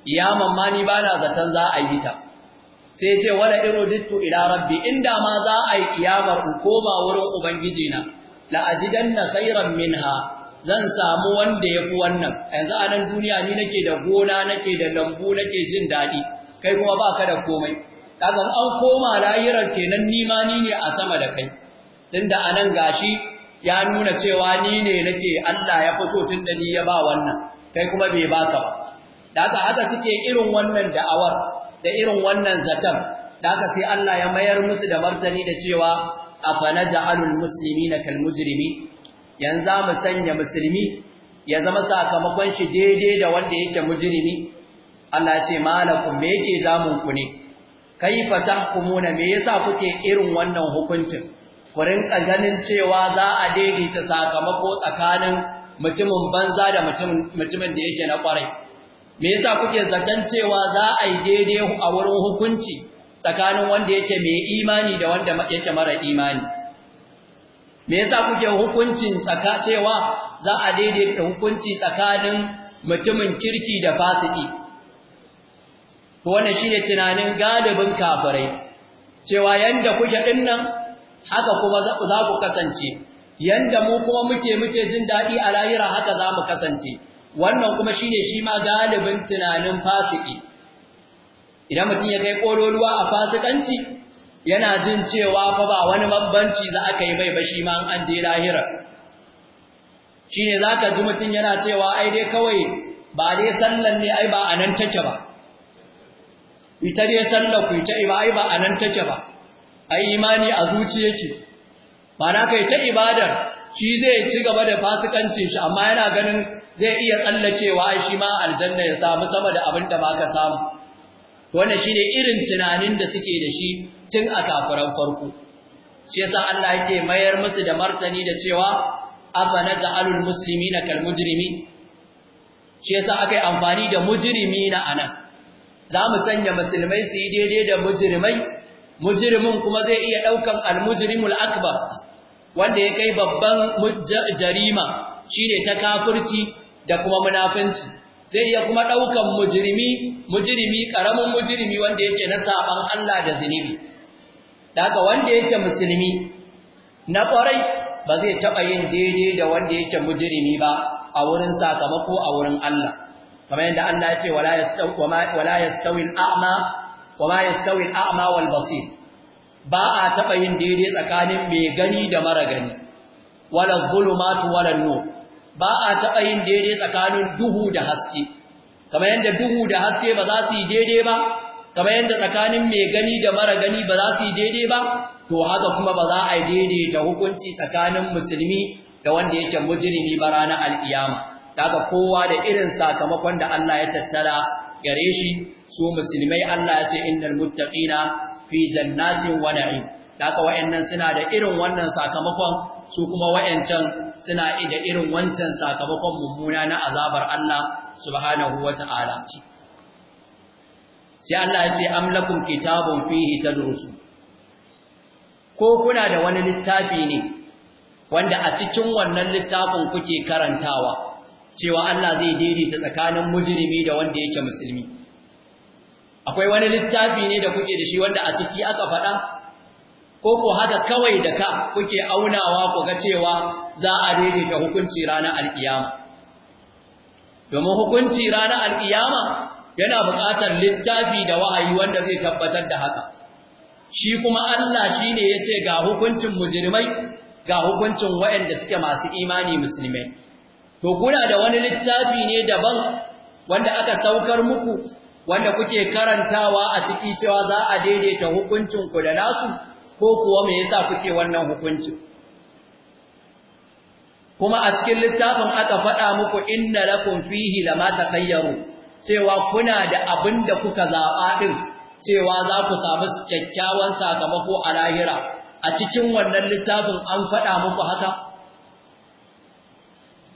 Iyaman ma ni bana zatan za a yi ta sai ce wala irudittu ila rabbi inda ma za a yi kiyamar in koma wurin ubangiji na la ajidanna khairan minha zan samu wanda yafi wannan yanzu a nan duniya ni nake da gona nake da lambu nake jin daɗi kai kuma baka da komai kaga an koma lahirar kenan ni ma ni ne a sama da kai tunda anan gashi ya nuna cewa ni ne nake Allah ya fi so tun da ni ya ba wannan kai kuma bai baka ba da haka haka suke irin wannan da'awar da irin wannan zatan da haka sai Allah ya mayar musu da martani da cewa afana ja'alul muslimina kal mujrimi yanzu mu sanya musulmi ya zama sakamakon shi daidai da wanda yake mujrimi Allah ya ce malakum me yake zamun ku ne kaifa tahkumuna me yasa kuke irin wannan hukuncin ku rinka ganin cewa za a daidaita sakamako tsakanin mutumin banza da mutumin da yake na kwarai me yasa kuke zaton cewa za a yi daidai a wurin hukunci tsakanin wanda yake mai imani da wanda yake mara imani me yasa kuke hukuncin tsaka cewa za a daidaita hukunci tsakanin mutumin kirki da fasiki to shi ne tunanin galibin kafirai cewa yanda kuke ɗinnan. haka kuma za ku kasance yanda mu kuma muke muke jin daɗi a lahira haka za mu kasance wannan kuma shine shi ma galibin tunanin fasiki idan mutum ya kai ƙololuwa a fasikanci yana jin cewa fa ba wani mabbanci za aka yi mai ba shi ma an je lahira shine ka ji mutum yana cewa ai dai kawai ba dai sallan ne ai ba anan take ba ita dai sallar ku ita ai ba anan take ba ai imani a zuci yake ba na kai ta ibadar shi zai ci gaba da fasikancin shi amma yana ganin zai iya tsallacewa shi ma aljanna ya samu sama da abin da baka samu wannan shine irin tunanin da suke da shi tun a kafiran farko shi yasa Allah yake mayar musu da martani da cewa afana ja'alul muslimina kal mujrimi shi yasa akai amfani da mujrimina anan zamu sanya musulmai su yi daidai da mujrimai mujirimin kuma zai iya daukan almujirimul akbar wanda ya kai babban jarima shine ta kafurci da kuma munafinci zai iya kuma ɗaukan mujrimi mujrimi karamin mujrimi wanda yake na saban Allah da zunubi daga wanda yake musulmi na kwarai ba zai taɓa yin daidai da wanda yake mujrimi ba a wurin sakamako a wurin Allah kamar yadda Allah ya ce wala yastawi wala ama wa ma yastawi al-a'ma wal basir ba a taba yin daidai tsakanin mai gani da mara gani wala zulumatu wala nur ba a taba yin daidai tsakanin duhu da haske kamar yadda duhu da haske ba za su yi daidai ba kamar yadda tsakanin mai gani da mara gani ba za su yi daidai ba to haka kuma ba za a yi daidaita hukunci tsakanin musulmi da wanda yake mujirimi ba ranar al'iyama daga kowa da irin sakamakon da Allah ya tattara gare shi su musulmai Allah ya ce innal muttaqina fi jannatin wa na'im daga wayannan suna da irin wannan sakamakon su kuma wayancan suna da irin wancan sakamakon mummuna na azabar Allah subhanahu wa Ta'ala. sai Allah ya ce amlakum kitabun fihi tadrusu ko kuna da wani littafi ne wanda a cikin wannan littafin kuke karantawa cewa Allah zai daidaita tsakanin mujrimi da wanda yake musulmi akwai wani littafi ne da kuke da shi wanda a ciki aka faɗa ko ko haka kawai da ka kuke aunawa ku ga cewa za a daidaita hukunci ranar alkiyama domin hukunci ranar alkiyama yana buƙatar littafi da wahayi wanda zai tabbatar da haka shi kuma Allah shine yace ga hukuncin mujrimai ga hukuncin waɗanda suke masu imani musulmai to kuna da wani littafi ne daban wanda aka saukar muku wanda kuke karantawa a ciki cewa za a daidaita hukuncin ku da nasu ko kuwa me yasa kuke wannan hukuncin kuma a cikin littafin aka faɗa muku inna lakum fihi lama takayyaru cewa kuna da abinda kuka zaɓa ɗin cewa za ku samu kyakkyawan sakamako a lahira a cikin wannan littafin an faɗa muku haka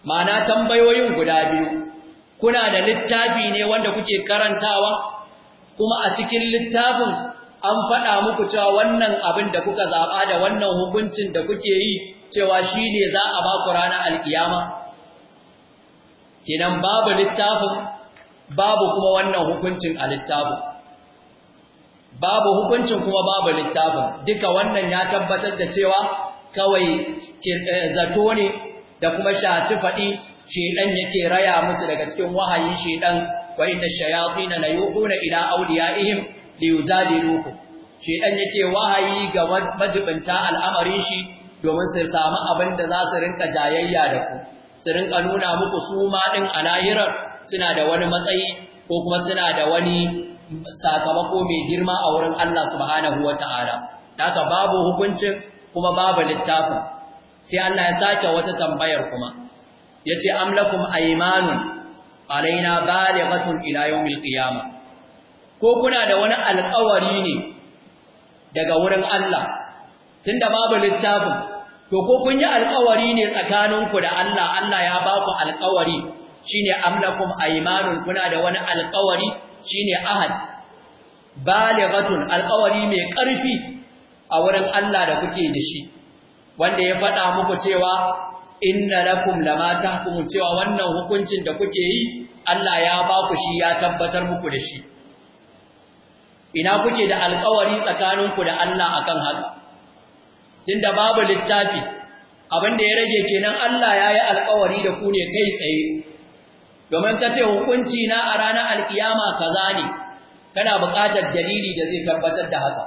ma'ana tambayoyin guda biyu kuna da littafi ne wanda kuke karantawa kuma a cikin littafin an faɗa muku cewa wannan abin da kuka zaɓa da wannan hukuncin da kuke yi cewa shi ne za a ba ku ranar alkiyama kinan babu littafin babu kuma wannan hukuncin a littafin babu hukuncin kuma babu littafin duka wannan ya tabbatar da cewa kawai eh, zato ne da kuma sha faɗi shedan yake raya musu daga cikin wahayin shedan wa inna shayatin la yuhuna ila awliyaihim liyujadiluku shedan yake wahayi ga majibinta al'amarin shi domin su samu abin da za su rinka jayayya da ku su rinka nuna muku su ma din a lahirar suna da wani matsayi ko kuma suna da wani sakamako mai girma a wurin Allah subhanahu wataala haka babu hukuncin kuma babu littafin sai Allah ya sake wata tambayar kuma yace ce lakum aymanun alaina balighatun ila yawmil qiyamah ko kuna da wani alƙawari ne daga wurin Allah tunda babu littafin to ko kun yi alƙawari ne tsakaninku da Allah Allah ya ba ku alƙawari shine amlakum aymanun kuna da wani alƙawari shine ahad balighatun alƙawari mai ƙarfi a wurin Allah da kuke da shi wanda ya faɗa muku cewa inna lakum lama tahkumun cewa wannan hukuncin da kuke yi Allah ya ba ku shi ya tabbatar muku da shi ina kuke da alƙawari tsakaninku da Allah akan haka tunda babu littafi abin da ya rage kenan Allah ya yi alƙawari da ku ne kai tsaye domin ka ce hukunci na a ranar alkiyama kaza ne kana buƙatar dalili da zai tabbatar da haka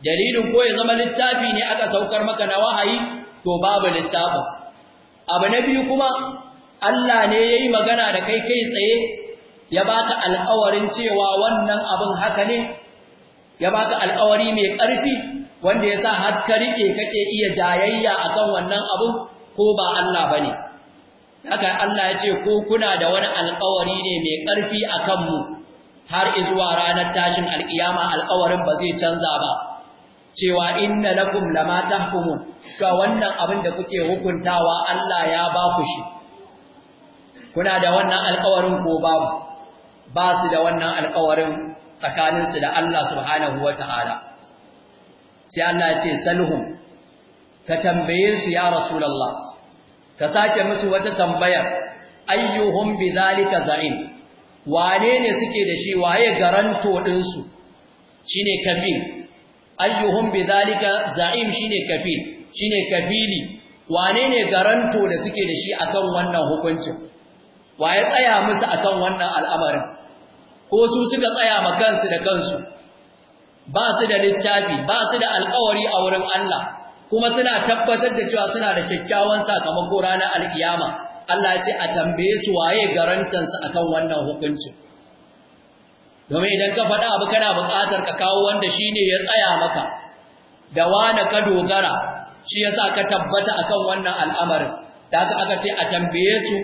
dalilin ko ya zama littafi ne aka saukar maka na wahayi to babu littafin abu na biyu kuma Allah ne ya yi magana da kai kai tsaye ya ba ka al'awarin cewa wannan abin haka ne ya ba baka al'awari mai ƙarfi wanda yasa har ka riƙe kace iya jayayya a kan wannan abin ko ba Allah ba ne? haka Allah ya ce ko kuna da wani al'awari ne mai ƙarfi a kanmu har izuwa ranar tashin al'iyama, al'awarin ba zai canza ba cewa inna lakum lama tahkumu ga wannan abin da kuke hukuntawa Allah ya ba ku shi kuna da wannan alƙawarin ko babu ba su da wannan alƙawarin tsakanin su da Allah subhanahu wataala sai Allah ya ce salhum ka tambaye su ya rasulullah ka sake musu wata tambayar ayyuhum bidhalika za'im wane ne suke da shi waye garanto din su shine kafin ayyuhum bidhalika za'im shine kafil shine kafili wane ne garanto da suke da shi akan wannan hukuncin waye tsaya musu akan wannan al'amarin ko su suka tsaya ma kansu da kansu ba su da littafi ba su da alƙawari a wurin Allah kuma suna tabbatar da cewa suna da kyakkyawan sakamako ranar alkiyama Allah ya ce a tambaye su waye garantansu akan wannan hukuncin domin idan ka faɗa abu kana buƙatar ka kawo wanda shi ne ya tsaya maka da wane ka dogara shi yasa ka tabbata akan wannan al'amarin da haka aka ce a tambaye su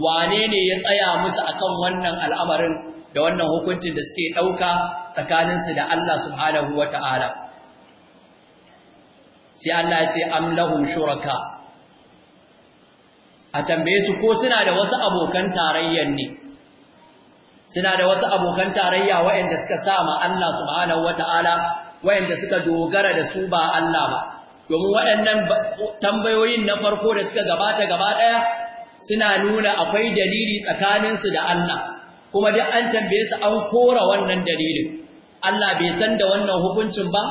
wane ne ya tsaya musu akan wannan al'amarin da wannan hukuncin da suke ɗauka tsakaninsu da Allah subhanahu wa ta'ala sai Allah ya ce am lahum shuraka a tambaye su ko suna da wasu abokan tarayyan ne suna da wasu abokan tarayya waɗanda suka sa ma Allah subhanahu wataala waɗanda suka dogara da su ba Allah ba domin waɗannan tambayoyin na farko da suka gabata gaba ɗaya suna nuna akwai dalili tsakaninsu da Allah kuma duk an tambaye su an kora wannan dalilin Allah bai san da wannan hukuncin ba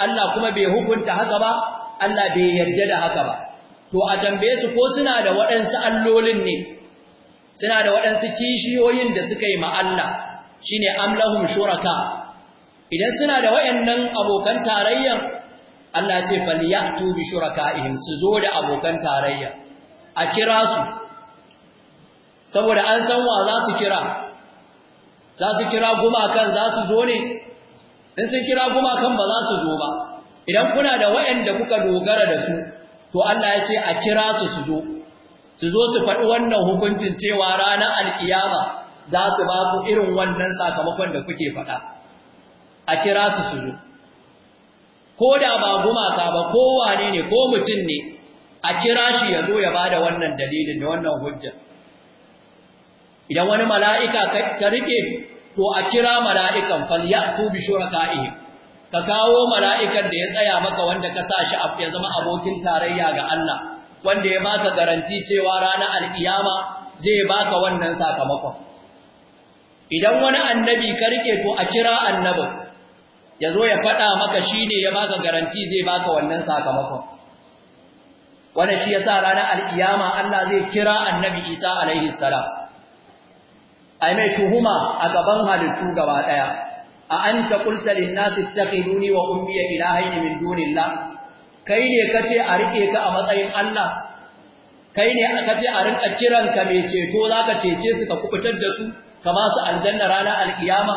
Allah kuma bai hukunta haka ba Allah bai yarda da haka ba to a tambaye su ko suna da waɗansu allolin ne suna da waɗansu kishiyoyin da suka yi ma'alla shi ne amlahun shuraka idan suna da waɗannan abokan tarayyar, Allah ce tubi shuraka shuraka'ihim su zo da abokan tarayya a kira su saboda an san wa za su kira za su kira gumakan za su zo ne in sun kira gumakan ba za su zo ba idan kuna da waɗanda kuka dogara da su to Allah ya ce a kira su su zo su zo su faɗi wannan hukuncin cewa ranar al'iyama za su ba ku irin wannan sakamakon da kuke faɗa a kira su su zo ko da ba gumaka ba kowane ne ko mutum ne a kira shi ya zo ya ba da wannan dalilin da wannan hujjar idan wani mala'ika ta riƙe to a kira mala'ikan falya bi ka kawo mala'ikan da ya tsaya maka wanda ka sa shi ya zama abokin tarayya ga Allah wanda ya baka garanti cewa ranar alkiyama zai baka wannan sakamakon idan wani annabi ka rike to a kira annabin ya zo ya faɗa maka shine ya baka garanti zai baka wannan sakamakon wannan shi yasa ranar alkiyama Allah zai kira annabi Isa alaihi salam ai mai tuhuma a gaban halittu gaba daya a anta qulta lin nasi ittakhiduni wa ummi ilahaini min dunillah kai ne ka ce a rike ka a matsayin Allah kai ne ka ce a rinka kiranka mai ceto ka cece su ka kubutar da su ka ba su aljanna ranar alkiyama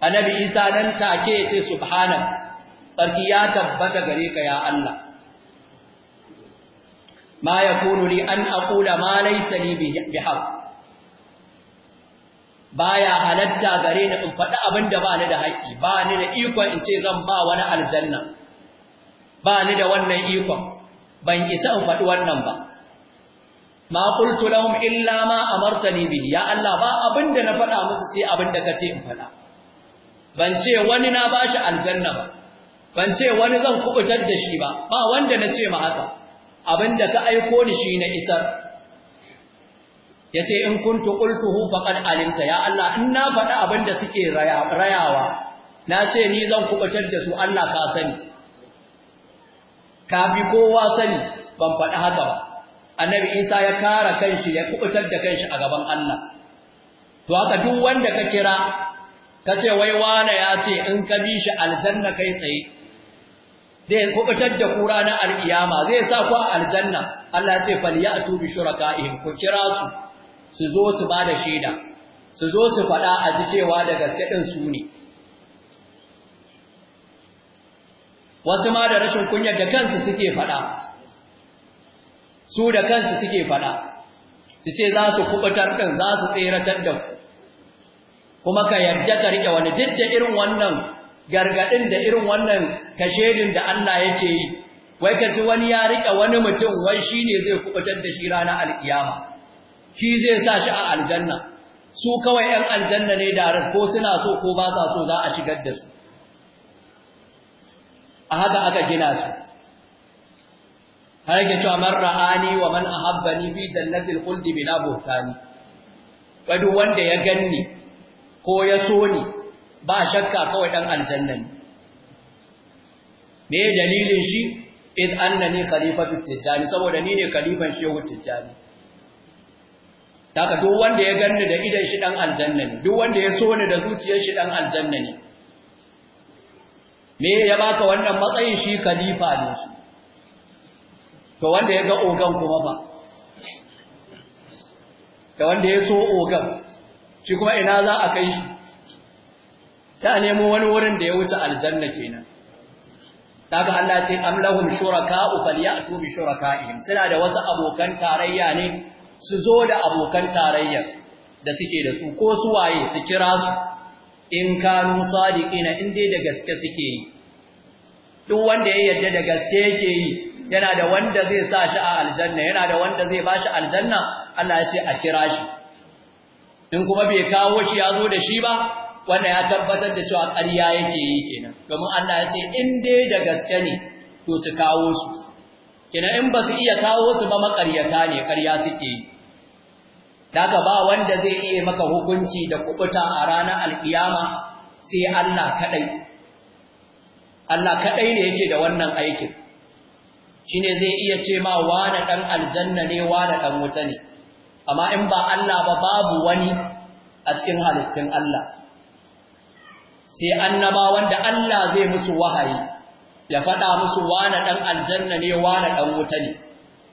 annabi Isa nan take ya ce Subhanan, tsarki ya tabbata gare ka ya Allah ma kunu ne, an akula ma bi li Ba ya halatta gare ni in faɗi abin da ba ni da haƙƙi ba ni da ikon in ce zan ba wani aljanna ba ni da wannan ikon ban isa in faɗi wannan ba ma qultu lahum illa ma amartani bi ya Allah ba abinda na faɗa musu sai abinda kace in faɗa ban ce wani na bashi aljanna ba ban ce wani zan kubutar da shi ba ba wanda na ce ma haka abinda ka aiko ni shi na isar yace in kuntu qultuhu faqad alimta ya Allah in na faɗa abinda suke rayawa na ce ni zan kubutar da su Allah ka sani kafi kowa sani ban faɗi haka ba annabi isa ya kara kanshi ya kubutar da kanshi a gaban Allah to haka duk wanda ka kira ka ce wai wane ya ce in ka bi shi aljanna kai tsaye zai kubutar da kura na al'iyama zai sa ku a aljanna Allah ya ce falyatu bi shurakaihim ku kira su su zo su bada shaida su zo su faɗa a ji cewa da gaske ɗin su ne wasu ma da rashin kunya da kansu suke fada su da kansu suke fada su ce za su kubutar kan za su tseratar da kuma ka yarda ka rike wani duk da irin wannan gargadin da irin wannan kashedin da Allah ya yake yi wai ka ji wani ya rike wani mutum wai shine zai kubutar da shi ranar alkiyama shi zai sa shi a aljanna su kawai 'yan aljanna ne da ko suna so ko ba sa so za a shigar da su a haka aka gina su har yake cewa man ra'ani wa man ahabbani fi jannatil khuldi bila buhtani wai wanda ya ganni ko ya so ni ba shakka kawai dan aljanna ne me dalilin shi id annani khalifatu tijani saboda ni ne khalifan shehu tijani Daga duk wanda ya ganni da idan shi dan aljanna ne, duk wanda ya so ni da zuciyar shi dan aljanna ne. me ya baka wannan matsayin shi khalifa ne shi to wanda ya ga ogan kuma ba da wanda ya so ogan shi kuma ina za a kai shi ta a nemo wani wurin da ya wuce aljanna kenan daga Allah ce am lahum fal ya'tu bi shuraka'ihim suna da wasu abokan tarayya ne su zo da abokan tarayya da suke da su ko su waye su kira su in kanu sadiqina in dai da gaske suke yi duk wanda ya yarda da gaske yake yi yana da wanda zai sa shi a aljanna yana da wanda zai ba shi aljanna Allah ya ce a kira shi in kuma bai kawo shi ya zo da shi ba wanda ya tabbatar da cewa ƙarya yake yi kenan domin Allah ya ce in dai da gaske ne to su kawo su kenan in ba su iya kawo su ba maƙaryata ne ƙarya suke yi daga ba wanda zai iya maka hukunci da kubuta a ranar alkiyama sai Allah kadai Allah kadai ne yake da wannan aikin shine zai iya ce ma wani dan aljanna ne wani dan wuta ne amma in ba Allah ba babu wani a cikin halittun Allah sai annaba wanda Allah zai musu wahayi ya faɗa musu wani dan aljanna ne wani dan wuta ne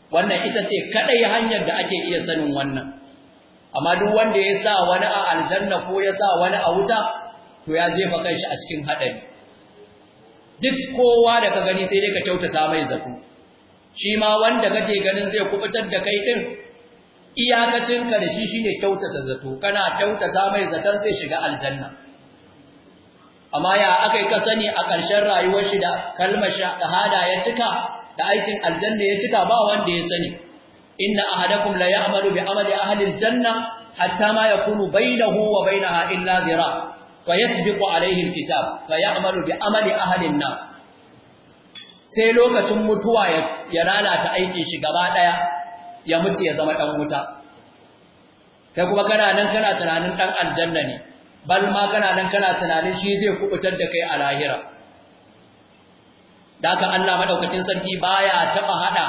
wannan ita ce kadai hanyar da ake iya sanin wannan amma duk wanda ya sa wani a aljanna ko ya sa wani a wuta to ya jefa kanshi a cikin haɗari duk kowa da ka gani sai dai ka kyautata mai zato shi ma wanda kake ganin zai kubutar da kai din iyakacin ka da shi shine kyautata zato kana kyautata mai zaton zai shiga aljanna amma ya akai ka sani a ƙarshen rayuwar shi da kalmar shahada ya cika da aikin aljanna ya cika ba wanda ya sani inna ahadakum la ya'malu bi amali ahli al-janna hatta ma yakunu baynahu wa baynaha illa dhira yasbiqu alayhi al-kitab ya'malu bi amali ahli an-nar sai lokacin mutuwa ya lalata aikin shi gaba daya ya mutu ya zama dan wuta kai kuma kana nan kana tunanin dan aljanna ne bal ma kana nan kana tunanin shi zai kubutar da kai a lahira daka Allah madaukakin sarki baya taba hada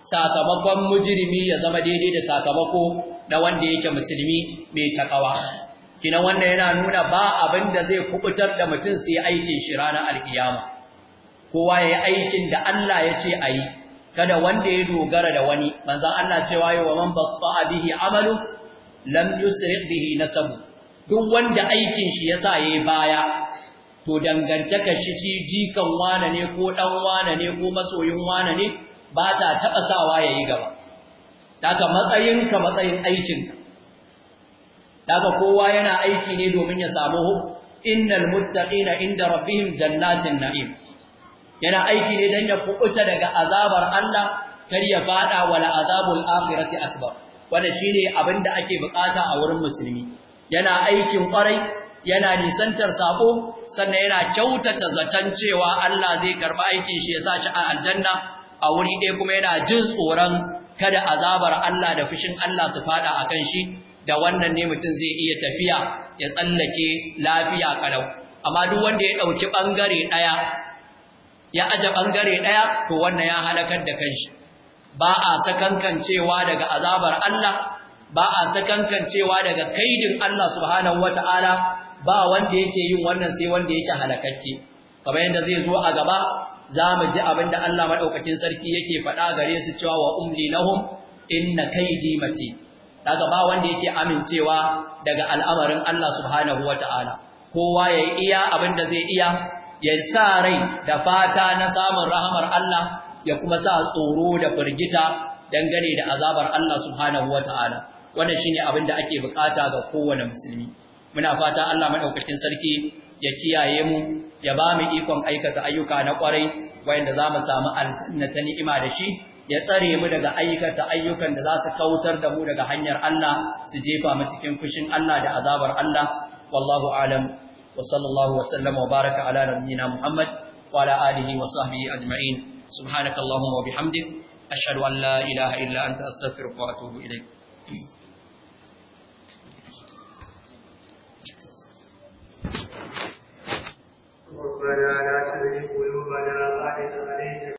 sakamakon mujirimi ya zama daidai da sakamako na wanda yake musulmi mai takawa kina wannan yana nuna ba abin da zai kubutar da mutum su yi aikin shi ranar alkiyama kowa ya yi aikin da Allah ya ce a yi. kada wanda ya dogara da wani manzan Allah cewa wa man a bihi amalu lam yusriq bihi nasabu duk wanda aikin shi ya sa ya yi baya to dangantaka shi jikan wane ne ko dan wane ne ko masoyin wane ne ba ta taɓa sawa ya yi gaba daga matsayinka matsayin aikinka daga kowa yana aiki ne domin ya samu innal muttaqina inda rabbihim jannatin na'im yana aiki ne dan ya kuɓuta daga azabar Allah kar ya fada wal azabul akhirati akbar wanda shine abinda ake bukata a wurin musulmi yana aikin kwarai yana nisantar sabo sannan yana kyautata zaton cewa Allah zai karba aikin shi ya sa shi a aljanna a wuri ɗaya kuma yana jin tsoron kada azabar Allah da fushin Allah su fada kan shi da wannan ne mutum zai iya tafiya ya tsallake lafiya kalau amma duk wanda ya ɗauki bangare daya ya aje bangare ɗaya, to wannan ya halakar da kanshi ba a sakankancewa daga azabar Allah ba a sakankancewa daga kaidin Allah subhanahu wataala ba wanda yake yin wannan sai wanda yake halakacce kamar yadda zai zo a gaba za mu ji abin da Allah maɗaukakin sarki yake faɗa gare su cewa wa umli lahum inna kaidi mace. daga ba wanda yake amincewa daga al'amarin Allah subhanahu Ta'ala. kowa ya yi iya abin da zai iya ya sa rai da fata na samun rahamar Allah ya kuma sa tsoro da firgita dangane da azabar Allah subhanahu wata'ala wannan shine abin da ake bukata ga kowane musulmi muna fata Allah maɗaukakin sarki ya kiyaye mu ya ba mu ikon aikata ayyuka na kwarai wanda za mu samu aljanna ta ni'ima da shi ya tsare mu daga aikata ayyukan da za su kautar da mu daga hanyar Allah su jefa mu cikin fushin Allah da azabar Allah wallahu alam wa sallallahu wa sallama wa baraka ala nabiyyina Muhammad wa ala alihi wa sahbihi ajma'in subhanakallahumma wa bihamdik ashhadu an la ilaha illa anta astaghfiruka wa atubu ilayk ओम गजाया श्री गुरु गजाला